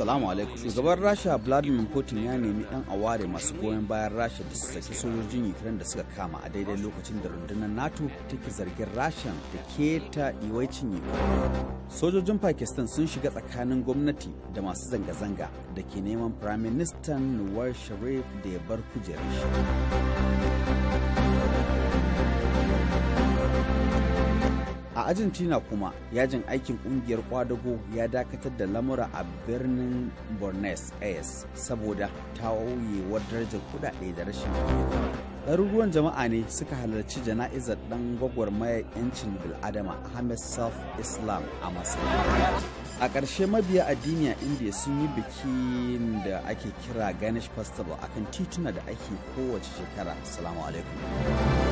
Assalamu alaikum. Shugaban Rasha Vladimir Putin ya nemi ɗan aware masu goyon bayan Rasha da su saki sojojin Ukraine da suka kama a daidai lokacin da rundunar NATO take zargin Rasha da keta iwaicin Ukraine. Sojojin Pakistan sun shiga tsakanin gwamnati da masu zanga-zanga da ke neman Firaministan Minister Sharif da ya bar kujerar shi. a argentina kuma yajin aikin kungiyar kwadago ya dakatar da lamura a birnin bornes aires saboda tauyewar darajar kudade da rashin ɗaruruwan jama'a ne suka halarci jana'izar ɗan gwagwarmayar 'yancin bil'adama ahmed saf islam a masar a ƙarshe mabiya addini a india sun yi bikin da ake kira ganesh festival akan tituna da ake kowace shekara salamu alaikum